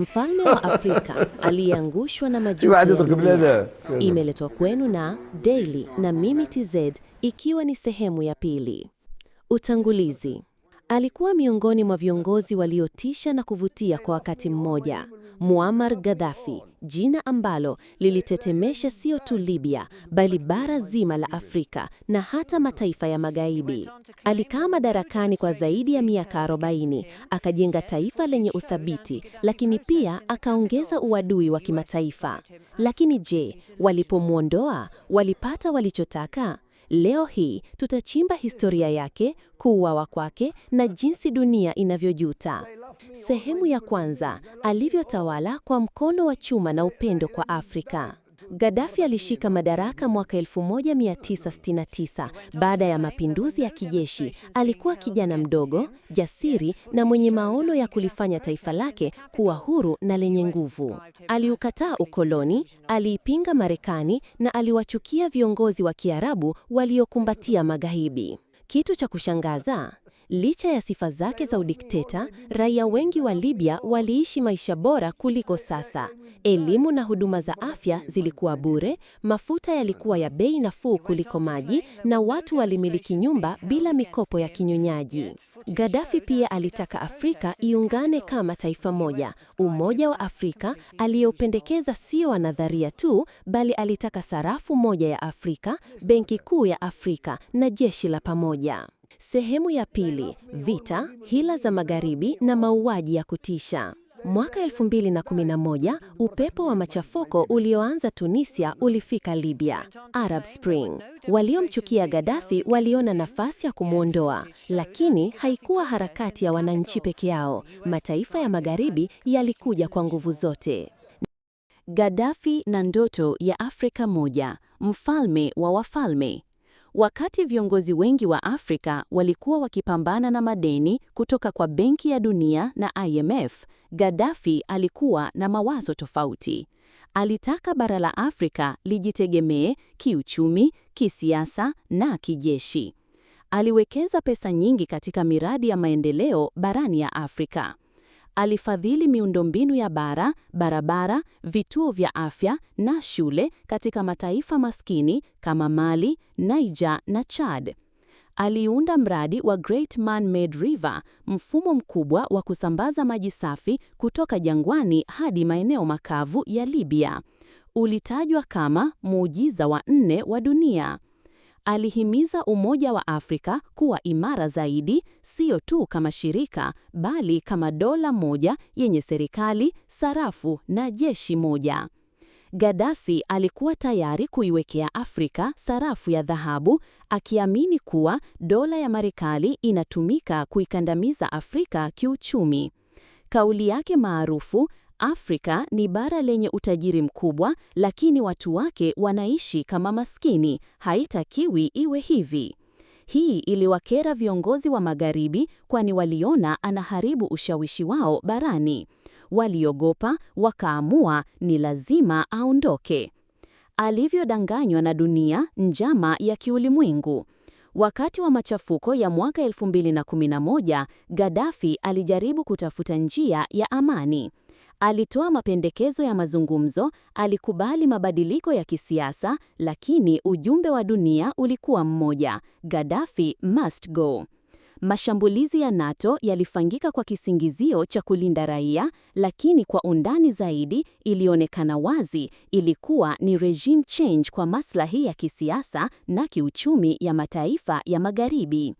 mfalme wa Afrika aliyeangushwa na majuto ya Imeletwa kwenu na Daily na mimi TZ, ikiwa ni sehemu ya pili. Utangulizi. Alikuwa miongoni mwa viongozi waliotisha na kuvutia kwa wakati mmoja, Muammar Gaddafi, jina ambalo lilitetemesha sio tu Libya bali bara zima la Afrika na hata mataifa ya Magharibi. Alikaa madarakani kwa zaidi ya miaka 40, akajenga taifa lenye uthabiti, lakini pia akaongeza uadui wa kimataifa. Lakini je, walipomwondoa walipata walichotaka? Leo hii tutachimba historia yake, kuuawa kwake na jinsi dunia inavyojuta. Sehemu ya kwanza: alivyotawala kwa mkono wa chuma na upendo kwa Afrika. Gaddafi alishika madaraka mwaka 1969 baada ya mapinduzi ya kijeshi. Alikuwa kijana mdogo, jasiri na mwenye maono ya kulifanya taifa lake kuwa huru na lenye nguvu. Aliukataa ukoloni, aliipinga Marekani na aliwachukia viongozi wa Kiarabu waliokumbatia magharibi. Kitu cha kushangaza, Licha ya sifa zake za udikteta, raia wengi wa Libya waliishi maisha bora kuliko sasa. Elimu na huduma za afya zilikuwa bure, mafuta yalikuwa ya bei nafuu kuliko maji, na watu walimiliki nyumba bila mikopo ya kinyonyaji. Gaddafi pia alitaka Afrika iungane kama taifa moja. Umoja wa Afrika aliyopendekeza sio wa nadharia tu, bali alitaka sarafu moja ya Afrika, benki kuu ya Afrika na jeshi la pamoja. Sehemu ya pili: vita, hila za magharibi na mauaji ya kutisha. Mwaka 2011 upepo wa machafuko ulioanza Tunisia ulifika Libya, Arab Spring. Waliomchukia Gaddafi waliona nafasi ya kumwondoa, lakini haikuwa harakati ya wananchi peke yao. Mataifa ya magharibi yalikuja kwa nguvu zote. Gaddafi na ndoto ya Afrika moja, mfalme wa wafalme. Wakati viongozi wengi wa Afrika walikuwa wakipambana na madeni kutoka kwa Benki ya Dunia na IMF, Gaddafi alikuwa na mawazo tofauti. Alitaka bara la Afrika lijitegemee kiuchumi, kisiasa na kijeshi. Aliwekeza pesa nyingi katika miradi ya maendeleo barani ya Afrika. Alifadhili miundombinu ya bara, barabara, vituo vya afya na shule katika mataifa maskini kama Mali, Niger na Chad. Aliunda mradi wa Great Man-Made River, mfumo mkubwa wa kusambaza maji safi kutoka jangwani hadi maeneo makavu ya Libya. Ulitajwa kama muujiza wa nne wa dunia. Alihimiza Umoja wa Afrika kuwa imara zaidi, sio tu kama shirika, bali kama dola moja yenye serikali, sarafu na jeshi moja. gadasi alikuwa tayari kuiwekea Afrika sarafu ya dhahabu, akiamini kuwa dola ya Marekani inatumika kuikandamiza Afrika kiuchumi. Kauli yake maarufu Afrika ni bara lenye utajiri mkubwa, lakini watu wake wanaishi kama maskini. Haitakiwi iwe hivi. Hii iliwakera viongozi wa Magharibi, kwani waliona anaharibu ushawishi wao barani. Waliogopa, wakaamua ni lazima aondoke. Alivyodanganywa na dunia, njama ya kiulimwengu. Wakati wa machafuko ya mwaka 2011, Gaddafi alijaribu kutafuta njia ya amani. Alitoa mapendekezo ya mazungumzo, alikubali mabadiliko ya kisiasa, lakini ujumbe wa dunia ulikuwa mmoja: Gaddafi must go. Mashambulizi ya NATO yalifangika kwa kisingizio cha kulinda raia, lakini kwa undani zaidi ilionekana wazi ilikuwa ni regime change kwa maslahi ya kisiasa na kiuchumi ya mataifa ya Magharibi.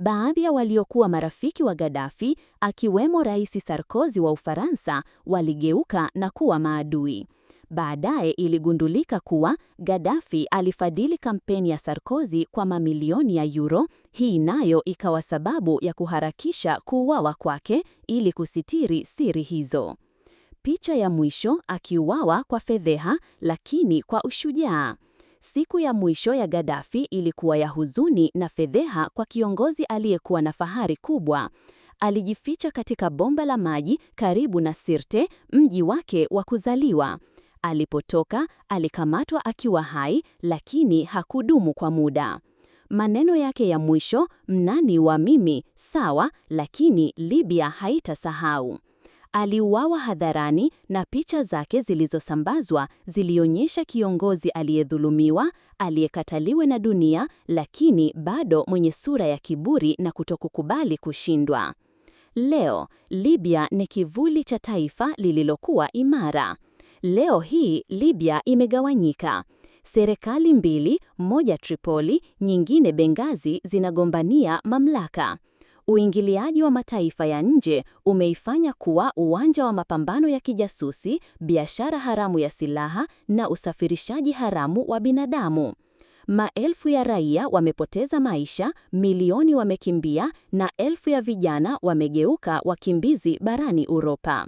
Baadhi ya waliokuwa marafiki wa Gaddafi, akiwemo Rais Sarkozy wa Ufaransa, waligeuka na kuwa maadui. Baadaye iligundulika kuwa Gaddafi alifadhili kampeni ya Sarkozy kwa mamilioni ya euro. Hii nayo ikawa sababu ya kuharakisha kuuawa kwake ili kusitiri siri hizo. Picha ya mwisho akiuawa kwa fedheha, lakini kwa ushujaa. Siku ya mwisho ya Gaddafi ilikuwa ya huzuni na fedheha kwa kiongozi aliyekuwa na fahari kubwa. Alijificha katika bomba la maji karibu na Sirte, mji wake wa kuzaliwa. Alipotoka, alikamatwa akiwa hai, lakini hakudumu kwa muda. Maneno yake ya mwisho, mnani wa mimi, sawa, lakini Libya haitasahau aliuawa hadharani na picha zake zilizosambazwa zilionyesha kiongozi aliyedhulumiwa, aliyekataliwa na dunia, lakini bado mwenye sura ya kiburi na kutokukubali kushindwa. Leo, Libya ni kivuli cha taifa lililokuwa imara. Leo hii Libya imegawanyika. Serikali mbili, moja Tripoli, nyingine Benghazi zinagombania mamlaka. Uingiliaji wa mataifa ya nje umeifanya kuwa uwanja wa mapambano ya kijasusi, biashara haramu ya silaha na usafirishaji haramu wa binadamu. Maelfu ya raia wamepoteza maisha, milioni wamekimbia na elfu ya vijana wamegeuka wakimbizi barani Uropa.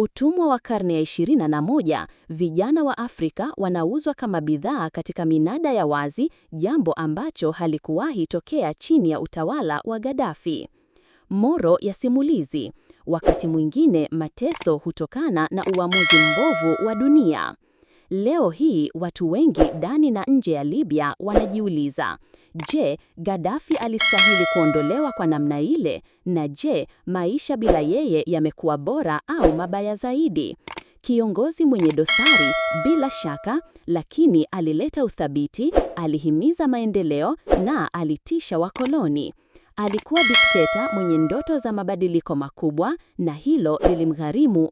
Utumwa wa karne ya 21, vijana wa Afrika wanauzwa kama bidhaa katika minada ya wazi, jambo ambacho halikuwahi tokea chini ya utawala wa Gaddafi. Moro ya simulizi. Wakati mwingine mateso hutokana na uamuzi mbovu wa dunia. Leo hii watu wengi ndani na nje ya Libya wanajiuliza, je, Gaddafi alistahili kuondolewa kwa namna ile? Na je, maisha bila yeye yamekuwa bora au mabaya zaidi? Kiongozi mwenye dosari bila shaka, lakini alileta uthabiti, alihimiza maendeleo na alitisha wakoloni. Alikuwa dikteta mwenye ndoto za mabadiliko makubwa na hilo lilimgharimu